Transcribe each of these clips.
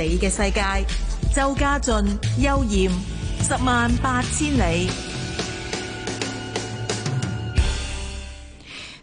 你嘅世界，周家俊，幽艷，十萬八千里。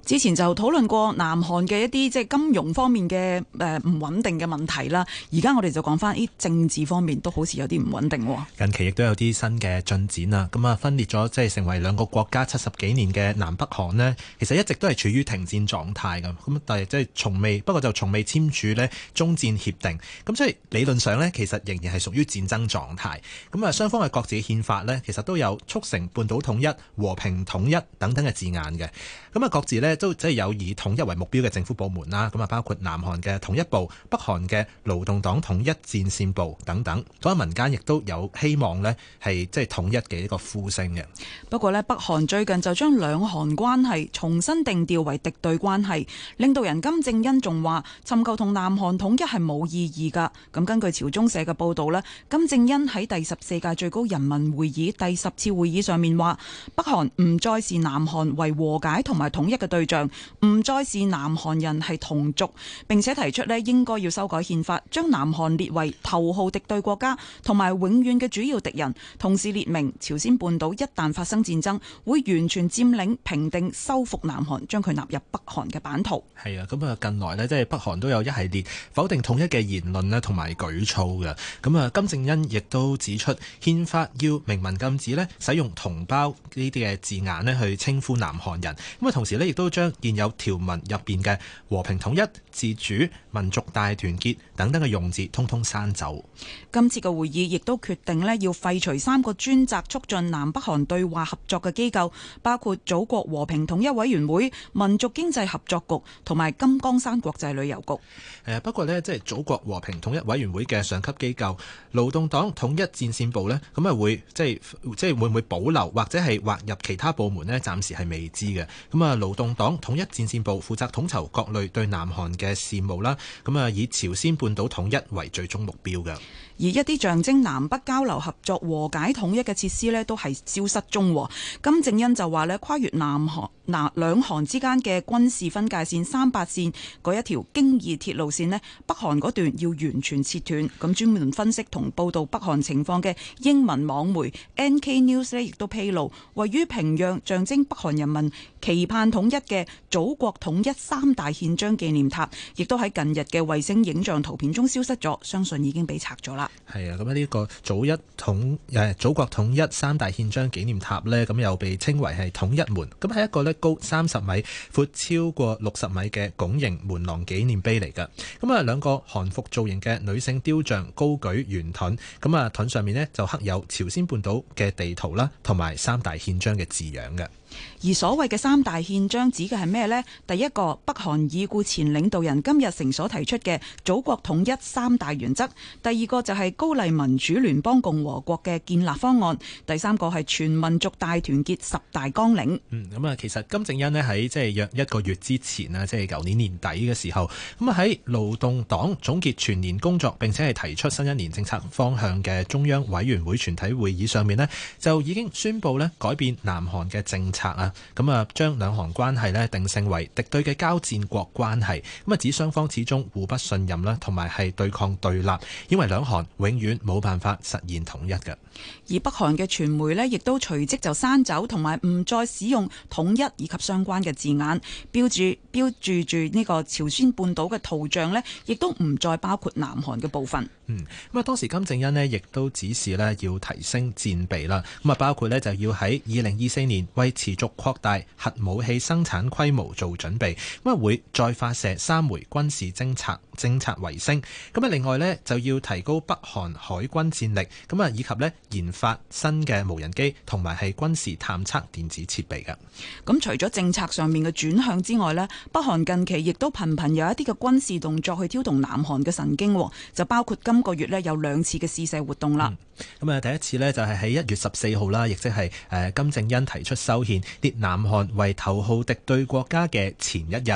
之前就討論過南韓嘅一啲即係金融方面嘅誒唔穩定嘅問題啦，而家我哋就講翻啲政治方面都好似有啲唔穩定喎。近期亦都有啲新嘅進展啊。咁啊分裂咗即係成為兩個國家七十幾年嘅南北韓呢，其實一直都係處於停戰狀態嘅，咁但係即係從未不過就從未簽署呢終戰協定，咁所以理論上呢，其實仍然係屬於戰爭狀態。咁啊，雙方嘅各自憲法呢，其實都有促成半島統一、和平統一等等嘅字眼嘅，咁啊各自呢。都即係有以統一為目標嘅政府部門啦，咁啊包括南韓嘅統一部、北韓嘅勞動黨統一戰線部等等，咁啊民間亦都有希望呢，係即係統一嘅一個呼聲嘅。不過呢，北韓最近就將兩韓關係重新定調為敵對關係，領導人金正恩仲話尋求同南韓統一係冇意義㗎。咁根據朝中社嘅報導呢，金正恩喺第十四屆最高人民會議第十次會議上面話，北韓唔再視南韓為和解同埋統一嘅對。唔再是南韓人係同族，並且提出呢應該要修改憲法，將南韓列為頭號敵對國家同埋永遠嘅主要敵人。同時列明朝鮮半島一旦發生戰爭，會完全佔領、平定、收復南韓，將佢納入北韓嘅版圖。係啊，咁啊近來呢，即係北韓都有一系列否定統一嘅言論呢同埋舉措嘅。咁啊，金正恩亦都指出憲法要明文禁止呢使用同胞呢啲嘅字眼呢去稱呼南韓人。咁啊，同時呢，亦都。將現有條文入邊嘅和平統一、自主、民族大團結等等嘅用字，通通刪走。今次嘅會議亦都決定咧，要廢除三個專責促進南北韓對話合作嘅機構，包括祖國和平統一委員會、民族經濟合作局同埋金剛山國際旅遊局。誒、呃、不過咧，即、就、係、是、祖國和平統一委員會嘅上級機構勞動黨統一戰線部咧，咁啊會即係即係會唔會保留或者係劃入其他部門咧？暫時係未知嘅。咁啊，勞動黨統一戰線部負責統籌各類對南韓嘅。嘅事務啦，咁啊，以朝鮮半島統一為最終目標嘅。而一啲象徵南北交流合作和解統一嘅設施咧，都係消失中哦。金正恩就話咧，跨越南韓，嗱兩韓之間嘅軍事分界線三八線嗰一條京義鐵路線咧，北韓嗰段要完全切斷，咁專門分析同報道北韓情況嘅英文網媒 NK News 咧，亦都披露位於平壤象徵北韓人民期盼統一嘅祖國統一三大憲章紀念塔，亦都喺近日嘅衛星影像圖片中消失咗，相信已經被拆咗啦。係啊，咁呢、這個祖一統誒，祖國統一三大憲章紀念塔咧，咁又被稱為係統一門，咁係一個咧高三十米、闊超過六十米嘅拱形門廊紀念碑嚟噶。咁啊，兩個韓服造型嘅女性雕像高舉圓盾，咁啊盾上面呢，就刻有朝鮮半島嘅地圖啦，同埋三大憲章嘅字樣嘅。而所謂嘅三大憲章指嘅係咩呢？第一個北韓已故前領導人金日成所提出嘅祖國統一三大原則；第二個就係高麗民主聯邦共和國嘅建立方案；第三個係全民族大團結十大綱領。嗯，咁啊，其實金正恩呢喺即係約一個月之前啊，即係舊年年底嘅時候，咁啊喺勞動黨總結全年工作並且係提出新一年政策方向嘅中央委員會全體會議上面呢，就已經宣布呢改變南韓嘅政策。啊，咁啊，將兩韓關係呢定性為敵對嘅交戰國關係，咁啊指雙方始終互不信任啦，同埋係對抗對立，因為兩韓永遠冇辦法實現統一嘅。而北韓嘅傳媒呢，亦都隨即就刪走同埋唔再使用統一以及相關嘅字眼，標註標註住呢個朝鮮半島嘅圖像呢，亦都唔再包括南韓嘅部分。嗯，咁啊，當時金正恩呢，亦都指示呢要提升戰備啦，咁啊包括呢就要喺二零二四年為持續擴大核武器生產規模做準備，乜會再發射三枚軍事偵察。政策為升，咁啊另外咧就要提高北韓海軍戰力，咁啊以及咧研發新嘅無人機同埋係軍事探測電子設備噶。咁除咗政策上面嘅轉向之外咧，北韓近期亦都頻頻有一啲嘅軍事動作去挑動南韓嘅神經，就包括今個月咧有兩次嘅試射活動啦。咁啊、嗯、第一次呢，就係喺一月十四號啦，亦即係誒金正恩提出修憲列南韓為頭號敵對國家嘅前一日。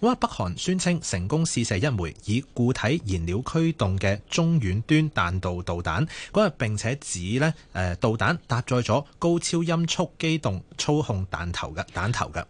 北韓宣稱成功試射一枚以固體燃料驅動嘅中遠端彈道導彈，日並且指咧，誒導彈搭載咗高超音速機動操控彈頭嘅彈頭嘅。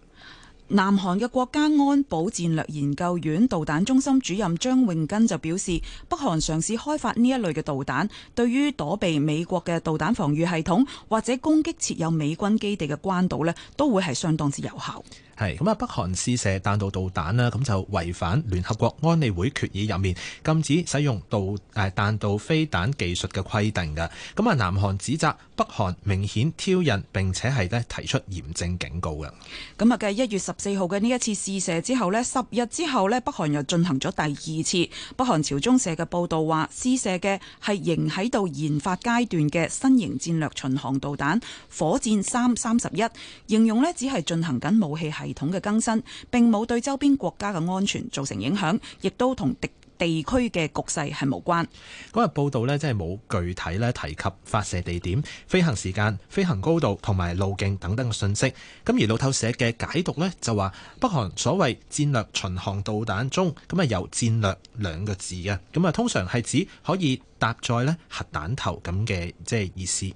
南韓嘅國家安保戰略研究院導彈中心主任張永根就表示，北韓嘗試開發呢一類嘅導彈，對於躲避美國嘅導彈防禦系統或者攻擊設有美軍基地嘅關島咧，都會係相當之有效。係咁啊，北韓試射彈道導彈啦，咁就違反聯合國安理會決議入面禁止使用導誒彈道飛彈技術嘅規定嘅。咁啊，南韓指責北韓明顯挑釁並且係咧提出嚴正警告嘅。咁啊，今日嘅一月十四號嘅呢一次試射之後呢，十日之後呢，北韓又進行咗第二次。北韓朝中社嘅報道話，試射嘅係仍喺度研發階段嘅新型戰略巡航導彈火箭三三十一，31，形容呢隻係進行緊武器系統嘅更新，並冇對周邊國家嘅安全造成影響，亦都同敵地區嘅局勢係無關。嗰日報道呢，即係冇具體咧提及，發射地點、飛行時間、飛行高度同埋路徑等等嘅信息。咁而路透社嘅解讀呢，就話北韓所謂戰略巡航導彈中，咁啊有戰略兩個字嘅，咁啊通常係指可以搭載咧核彈頭咁嘅即係意思。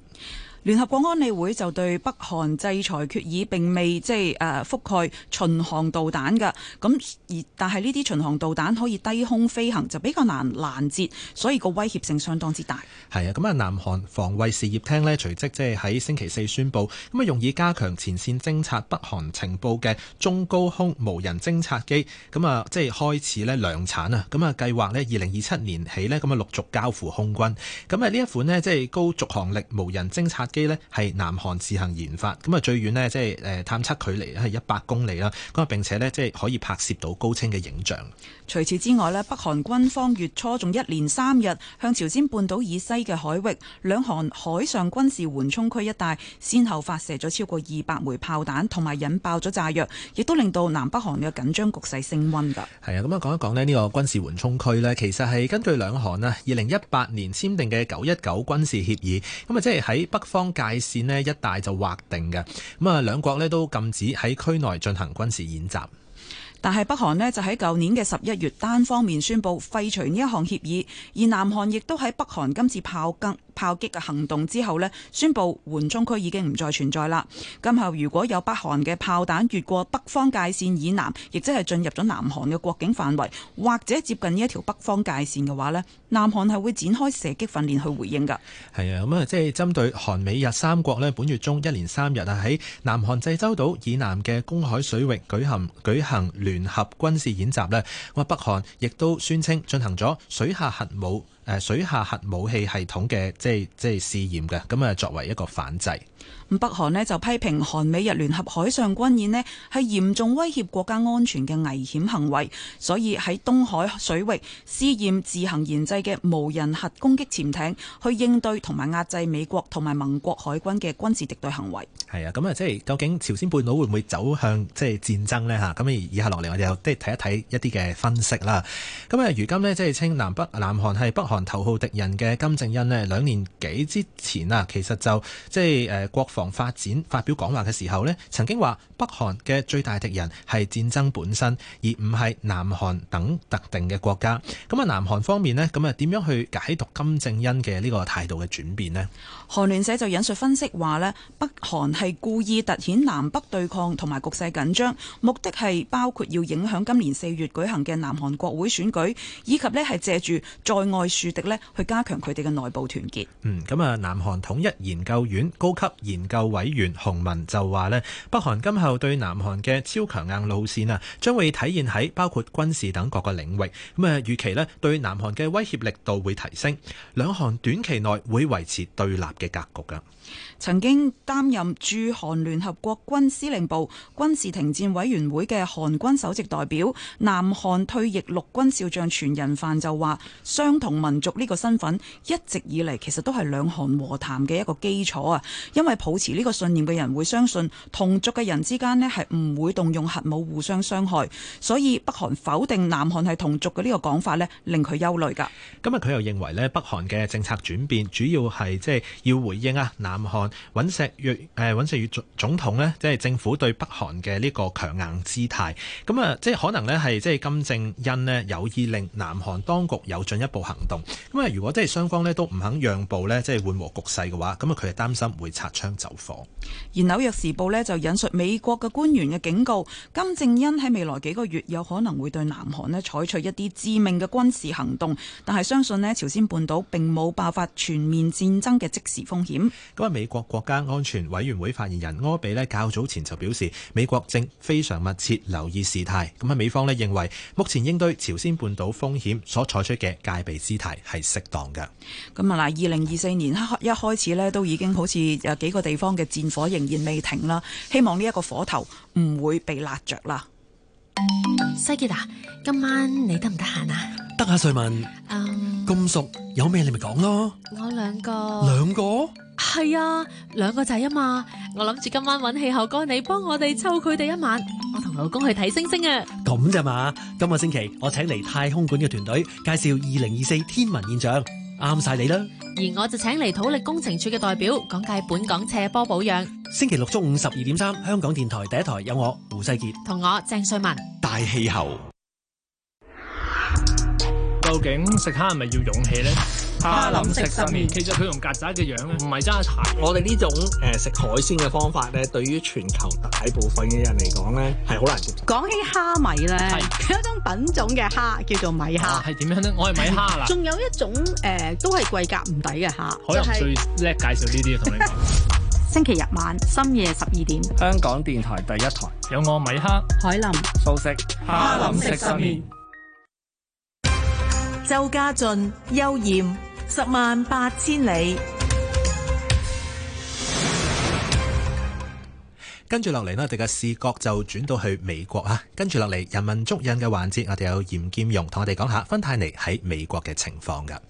聯合國安理會就對北韓制裁決議並未即係覆蓋巡航導彈嘅，咁而但係呢啲巡航導彈可以低空飛行，就比較難攔截，所以個威脅性相當之大。係啊，咁啊，南韓防衛事業廳呢隨即即係喺星期四宣布，咁啊用以加強前綫偵察北韓情報嘅中高空無人偵察機，咁啊即係開始咧量產啊，咁啊計劃咧二零二七年起呢咁啊陸續交付空軍。咁啊呢一款呢即係高續航力無人偵察機咧係南韓自行研發，咁啊最遠呢，即係誒探測距離咧係一百公里啦，咁啊並且咧即係可以拍攝到高清嘅影像。除此之外呢，北韓軍方月初仲一連三日向朝鮮半島以西嘅海域、兩韓海上軍事緩衝區一帶先後發射咗超過二百枚炮彈，同埋引爆咗炸藥，亦都令到南北韓嘅緊張局勢升溫㗎。係啊，咁啊講一講呢呢個軍事緩衝區呢，其實係根據兩韓啊二零一八年簽訂嘅九一九軍事協議，咁啊即係喺北方界線呢一帶就劃定嘅。咁啊，兩國呢都禁止喺區內進行軍事演習。但係北韓呢，就喺舊年嘅十一月單方面宣布廢除呢項協議，而南韓亦都喺北韓今次炮擊炮擊嘅行動之後呢，宣布緩衝區已經唔再存在啦。今後如果有北韓嘅炮彈越過北方界線以南，亦即係進入咗南韓嘅國境範圍，或者接近呢一條北方界線嘅話呢，南韓係會展開射擊訓練去回應噶。係啊，咁啊，即係針對韓美日三國呢本月中一連三日啊，喺南韓濟州島以南嘅公海水域舉行舉行聯合軍事演習呢，咁北韓亦都宣稱進行咗水下核武。誒，水下核武器系統嘅即係即係試驗嘅，咁啊作為一個反制。咁北韓咧就批評韓美日聯合海上軍演咧係嚴重威脅國家安全嘅危險行為，所以喺東海水域試驗自行研製嘅無人核攻擊潛艇，去應對同埋壓制美國同埋盟國海軍嘅軍事敵對行為，係啊，咁啊即係究竟朝鮮半島會唔會走向即係戰爭咧吓？咁啊以下落嚟我哋又即係睇一睇一啲嘅分析啦。咁啊如今咧即係稱南北南韓係北韓韓頭號敵人嘅金正恩咧，兩年幾之前啊，其實就即係誒、呃、國防發展發表講話嘅時候咧，曾經話北韓嘅最大敵人係戰爭本身，而唔係南韓等特定嘅國家。咁啊，南韓方面咧，咁啊點樣去解讀金正恩嘅呢個態度嘅轉變呢？韓聯社就引述分析話呢，北韓係故意突顯南北對抗同埋局勢緊張，目的係包括要影響今年四月舉行嘅南韓國會選舉，以及呢係借住在外駐敵咧，去加強佢哋嘅內部團結。嗯，咁啊，南韓統一研究院高級研究委員洪文就話呢，北韓今後對南韓嘅超強硬路線啊，將會體現喺包括軍事等各個領域。咁啊，預期呢，對南韓嘅威脅力度會提升，兩韓短期內會維持對立嘅格局㗎。曾經擔任駐韓聯合國軍司令部軍事停戰委員會嘅韓軍首席代表、南韓退役陸軍少將全仁範就話：「相同民同族呢個身份一直以嚟其實都係兩韓和談嘅一個基礎啊，因為抱持呢個信念嘅人會相信同族嘅人之間呢係唔會動用核武互相傷害，所以北韓否定南韓係同族嘅呢個講法呢，令佢憂慮噶。今日佢又認為呢，北韓嘅政策轉變主要係即係要回應啊南韓尹錫悅，誒，尹錫悅總總統呢，即係政府對北韓嘅呢個強硬姿態，咁啊，即係可能呢係即係金正恩呢有意令南韓當局有進一步行動。咁啊！如果即係雙方咧都唔肯讓步咧，即係緩和局勢嘅話，咁啊佢係擔心會擦槍走火。而紐約時報咧就引述美國嘅官員嘅警告，金正恩喺未來幾個月有可能會對南韓咧採取一啲致命嘅軍事行動，但係相信咧朝鮮半島並冇爆發全面戰爭嘅即時風險。咁啊，美國國家安全委員會發言人柯比咧較早前就表示，美國正非常密切留意事態。咁啊美方咧認為，目前應對朝鮮半島風險所採取嘅戒備姿態。係適當嘅。咁啊嗱，二零二四年一開始咧，都已經好似有幾個地方嘅戰火仍然未停啦。希望呢一個火頭唔會被焫着啦。西吉娜，今晚你得唔得閒啊？得啊，瑞文，咁、um, 熟有咩你咪講咯。我兩個，兩個係啊，兩個仔啊嘛。我諗住今晚揾氣候哥你幫我哋湊佢哋一晚，我同老公去睇星星啊。咁咋嘛？今個星期我請嚟太空館嘅團隊介紹二零二四天文現象，啱晒你啦。而我就請嚟土力工程處嘅代表講解本港斜坡保養。星期六中午十二點三，香港電台第一台有我胡世杰同我鄭瑞文大氣候。究竟食蝦係咪要勇氣咧？蝦林食生意，其實佢用曱甴嘅樣咧，唔係真係殘。我哋呢種誒食海鮮嘅方法咧，對於全球大部分嘅人嚟講咧，係好難接受。講起蝦米咧，係有一種品種嘅蝦叫做米蝦，係點、啊、樣咧？我係米蝦啦。仲 有一種誒、呃，都係貴價唔抵嘅蝦，就係最叻介紹呢啲。同 你講星期日晚深夜十二點，香港電台第一台有我米蝦，海林素食蝦林食。蝦林食生意。周家俊、悠艷，十萬八千里。跟住落嚟呢，我哋嘅視覺就轉到去美國啊！跟住落嚟，人文足印嘅環節，我哋有嚴劍蓉同我哋講下芬太尼喺美國嘅情況噶。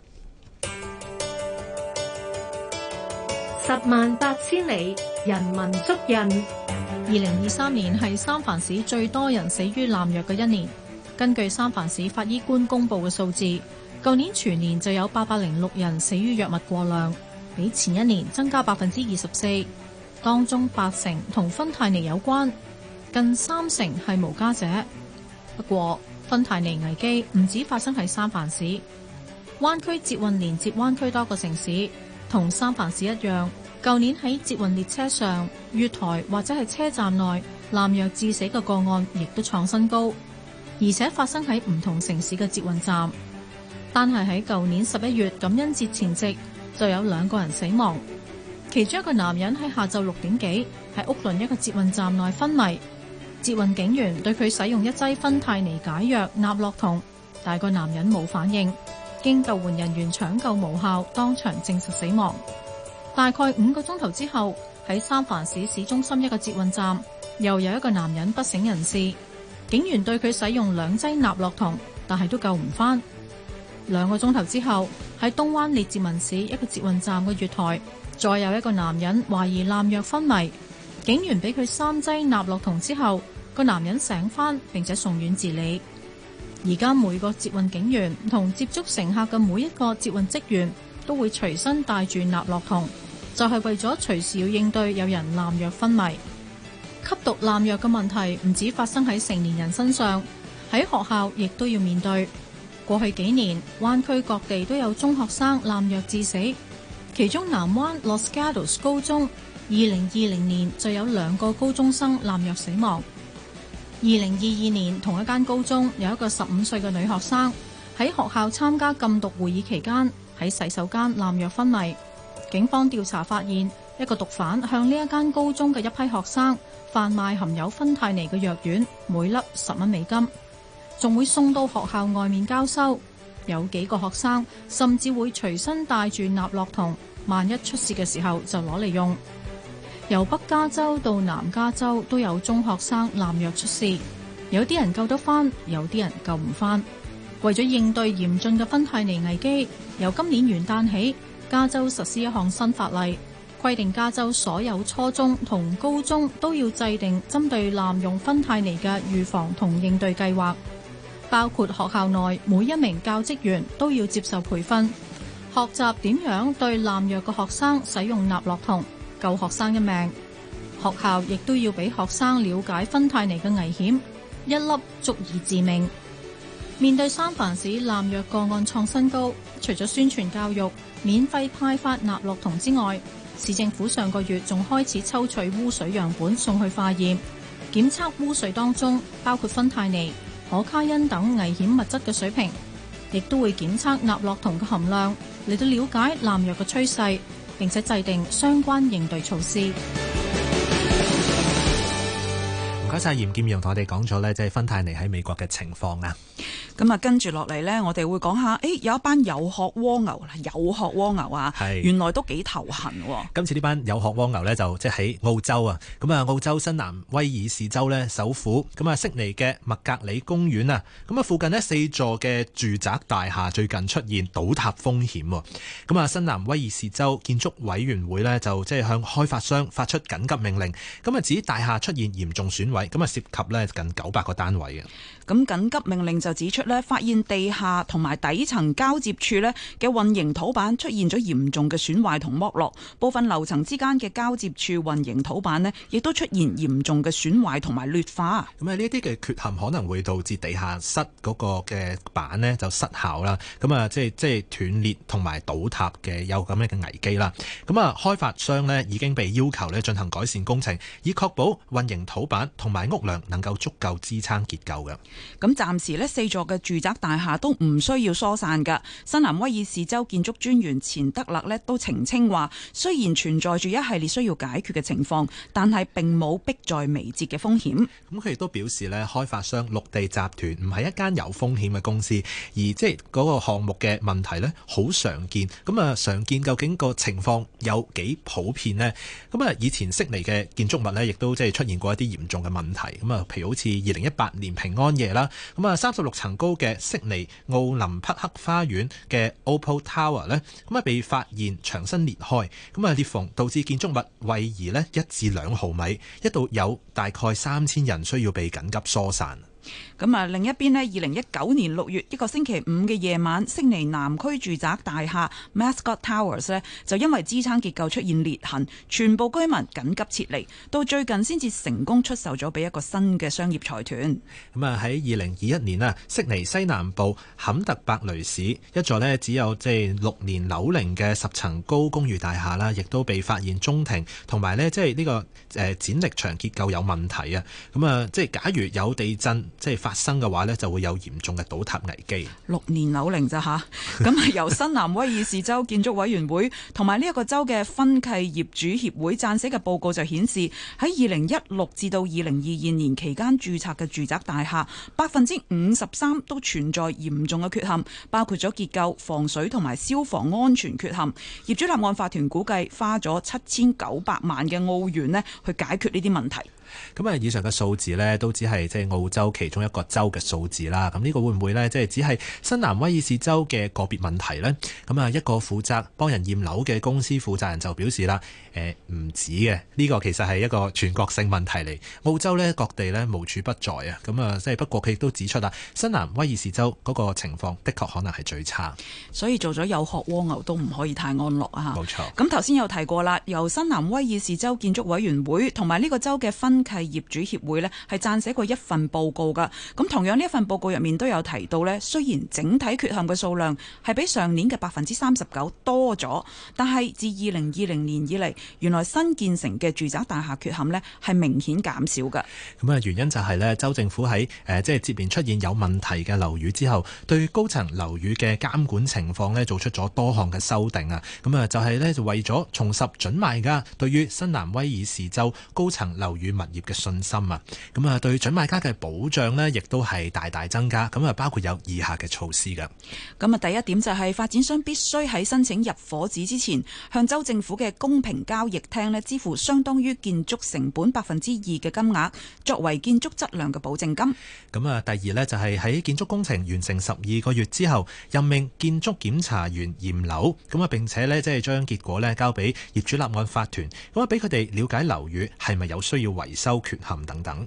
十萬八千里，人文足印。二零二三年係三藩市最多人死於濫藥嘅一年。根據三藩市法醫官公布嘅數字，舊年全年就有八百零六人死於藥物過量，比前一年增加百分之二十四。當中八成同芬太尼有關，近三成係無家者。不過，芬太尼危機唔止發生喺三藩市，灣區捷運連接灣區多個城市，同三藩市一樣，舊年喺捷運列車上、月台或者係車站內濫藥致死嘅個案，亦都創新高。而且發生喺唔同城市嘅捷運站，但係喺舊年十一月感恩節前夕就有兩個人死亡，其中一個男人喺下晝六點幾喺屋倫一個捷運站內昏迷，捷運警員對佢使用一劑芬太尼解藥納洛酮，但個男人冇反應，經救援人員搶救無效，當場證實死亡。大概五個鐘頭之後，喺三藩市市中心一個捷運站又有一個男人不省人事。警員對佢使用兩劑納洛酮，但係都救唔翻。兩個鐘頭之後，喺東灣列治文市一個捷運站嘅月台，再有一個男人懷疑濫藥昏迷，警員俾佢三劑納洛酮之後，個男人醒翻，並且送院治理。而家每個捷運警員同接觸乘客嘅每一個捷運職員都會隨身帶住納洛酮，就係為咗隨時要應對有人濫藥昏迷。吸毒濫藥嘅問題唔止發生喺成年人身上，喺學校亦都要面對。過去幾年，灣區各地都有中學生濫藥致死，其中南灣 Los Gatos 高中二零二零年就有兩個高中生濫藥死亡。二零二二年，同一間高中有一個十五歲嘅女學生喺學校參加禁毒會議期間喺洗手間濫藥昏迷，警方調查發現。一個毒販向呢一間高中嘅一批學生販賣含有芬太尼嘅藥丸，每粒十蚊美金，仲會送到學校外面交收。有幾個學生甚至會隨身帶住納洛酮，萬一出事嘅時候就攞嚟用。由北加州到南加州都有中學生濫藥出事，有啲人救得翻，有啲人救唔翻。為咗應對嚴峻嘅芬太尼危機，由今年元旦起，加州實施一項新法例。規定加州所有初中同高中都要制定針對濫用芬太尼嘅預防同應對計劃，包括學校內每一名教職員都要接受培訓，學習點樣對濫藥嘅學生使用納洛酮救學生一命。學校亦都要俾學生了解芬太尼嘅危險，一粒足以致命。面對三藩市濫藥個案創新高，除咗宣傳教育、免費派發納洛酮之外。市政府上個月仲開始抽取污水樣本送去化驗，檢測污水當中包括芬太尼、可卡因等危險物質嘅水平，亦都會檢測納洛酮嘅含量，嚟到了解濫藥嘅趨勢，並且制定相關應對措施。多謝嚴劍蓉同我哋講咗咧，即係芬太尼喺美國嘅情況啦。咁啊，跟住落嚟呢我哋會講下，誒，有一班有殼蝸牛有殼蝸牛啊，係是原來都幾頭痕。今次呢班有殼蝸牛呢就即係喺澳洲啊。咁啊，澳洲新南威爾士州呢首府咁啊，悉尼嘅麥格里公園啊，咁啊，附近呢四座嘅住宅大廈最近出現倒塌風險。咁啊，新南威爾士州建築委員會呢就即係向開發商發出緊急命令，咁啊，指大廈出現嚴重損毀。咁啊，涉及咧近九百個單位嘅。咁緊急命令就指出呢，發現地下同埋底層交接處呢嘅運營土板出現咗嚴重嘅損壞同剝落，部分樓層之間嘅交接處運營土板呢亦都出現嚴重嘅損壞同埋劣化。咁啊，呢啲嘅缺陷可能會導致地下室嗰個嘅板呢就失效啦。咁啊，即係即係斷裂同埋倒塌嘅有咁樣嘅危機啦。咁啊，開發商呢已經被要求呢進行改善工程，以確保運營土板同埋屋梁能夠足夠支撐結構嘅。咁暫時呢四座嘅住宅大廈都唔需要疏散噶新南威爾士州建築專員錢德勒呢都澄清話，雖然存在住一系列需要解決嘅情況，但係並冇迫在眉睫嘅風險。咁佢亦都表示呢開發商綠地集團唔係一間有風險嘅公司，而即係嗰個項目嘅問題呢好常見。咁啊，常見，究竟個情況有幾普遍呢？咁啊，以前悉尼嘅建築物呢亦都即係出現過一啲嚴重嘅問題。咁啊，譬如好似二零一八年平安夜啦，咁啊，三十六層高嘅悉尼奧林匹克花園嘅 Opal Tower 咧，咁啊被發現牆身裂開，咁啊裂縫導致建築物位移呢，一至兩毫米，一度有大概三千人需要被緊急疏散。咁啊，另一邊咧，二零一九年六月一個星期五嘅夜晚，悉尼南區住宅大廈 Mascot Towers 咧，就因為支撐結構出現裂痕，全部居民緊急撤離，到最近先至成功出售咗俾一個新嘅商業財團。咁啊，喺二零二一年啊，悉尼西南部坎特伯雷市一座咧只有即係六年樓齡嘅十層高公寓大廈啦，亦都被發現中庭同埋咧即係呢個誒剪力牆結構有問題啊。咁啊，即係假如有地震即係發。生嘅話呢，就會有嚴重嘅倒塌危機。六年樓齡咋吓？咁啊，由新南威爾士州建築委員會同埋呢一個州嘅分契業主協會撰寫嘅報告就顯示，喺二零一六至到二零二二年期間註冊嘅住宅大廈，百分之五十三都存在嚴重嘅缺陷，包括咗結構、防水同埋消防安全缺陷。業主立案法團估計花咗七千九百萬嘅澳元呢去解決呢啲問題。咁啊，以上嘅數字呢都只係即係澳洲其中一。個州嘅數字啦，咁呢個會唔會呢？即係只係新南威爾士州嘅個別問題呢？咁啊，一個負責幫人驗樓嘅公司負責人就表示啦，誒，唔止嘅，呢個其實係一個全國性問題嚟。澳洲呢，各地呢，無處不在啊。咁啊，即係不過佢亦都指出啦，新南威爾士州嗰個情況的確可能係最差。所以做咗有殼蝸牛都唔可以太安樂啊。冇錯。咁頭先有提過啦，由新南威爾士州建築委員會同埋呢個州嘅分契業主協會呢，係撰寫過一份報告噶。咁同樣呢一份報告入面都有提到呢，雖然整體缺陷嘅數量係比上年嘅百分之三十九多咗，但係自二零二零年以嚟，原來新建成嘅住宅大廈缺陷呢係明顯減少嘅。咁啊，原因就係呢，州政府喺誒即係接連出現有問題嘅樓宇之後，對高層樓宇嘅監管情況呢做出咗多項嘅修訂啊。咁啊，就係呢，就為咗重拾準賣家對於新南威爾斯州高層樓宇物業嘅信心啊。咁啊，對準賣家嘅保障呢，亦都係大大增加，咁啊包括有以下嘅措施噶。咁啊第一點就係發展商必須喺申請入伙紙之前，向州政府嘅公平交易廳呢支付相當於建築成本百分之二嘅金額，作為建築質量嘅保證金。咁啊第二呢，就係喺建築工程完成十二個月之後，任命建築檢查員驗樓，咁啊並且呢即係將結果呢交俾業主立案法團，咁啊俾佢哋了解樓宇係咪有需要維修缺陷等等。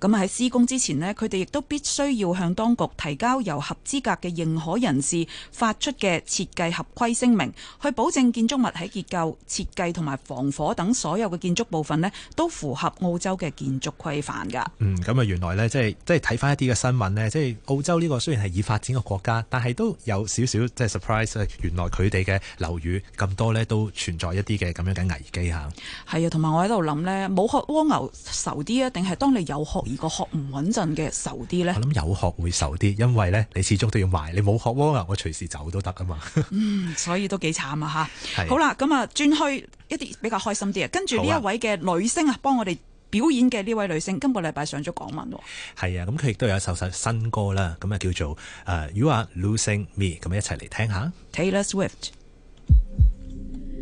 咁啊喺施工之前咧，佢哋亦都必須要向當局提交由合資格嘅認可人士發出嘅設計合規聲明，去保證建築物喺結構設計同埋防火等所有嘅建築部分咧，都符合澳洲嘅建築規範噶。嗯，咁啊原來咧，即係即係睇翻一啲嘅新聞咧，即係澳洲呢個雖然係已發展嘅國家，但係都有少少即係 surprise，原來佢哋嘅樓宇咁多咧都存在一啲嘅咁樣嘅危機吓，係啊，同埋我喺度諗咧，冇殼蝸牛愁啲啊，定係當你有殼？而個學唔穩陣嘅愁啲咧，我諗有學會愁啲，因為咧你始終都要買，你冇學喎，我隨時走都得㗎嘛。 嗯，所以都幾慘啊嚇。的好啦，咁啊轉去一啲比較開心啲啊，跟住呢一位嘅女星啊，幫我哋表演嘅呢位女星，今個禮拜上咗港文喎。係啊，咁佢亦都有一首首新歌啦，咁啊叫做誒 You Are Losing Me，咁一齊嚟聽下 Taylor Swift。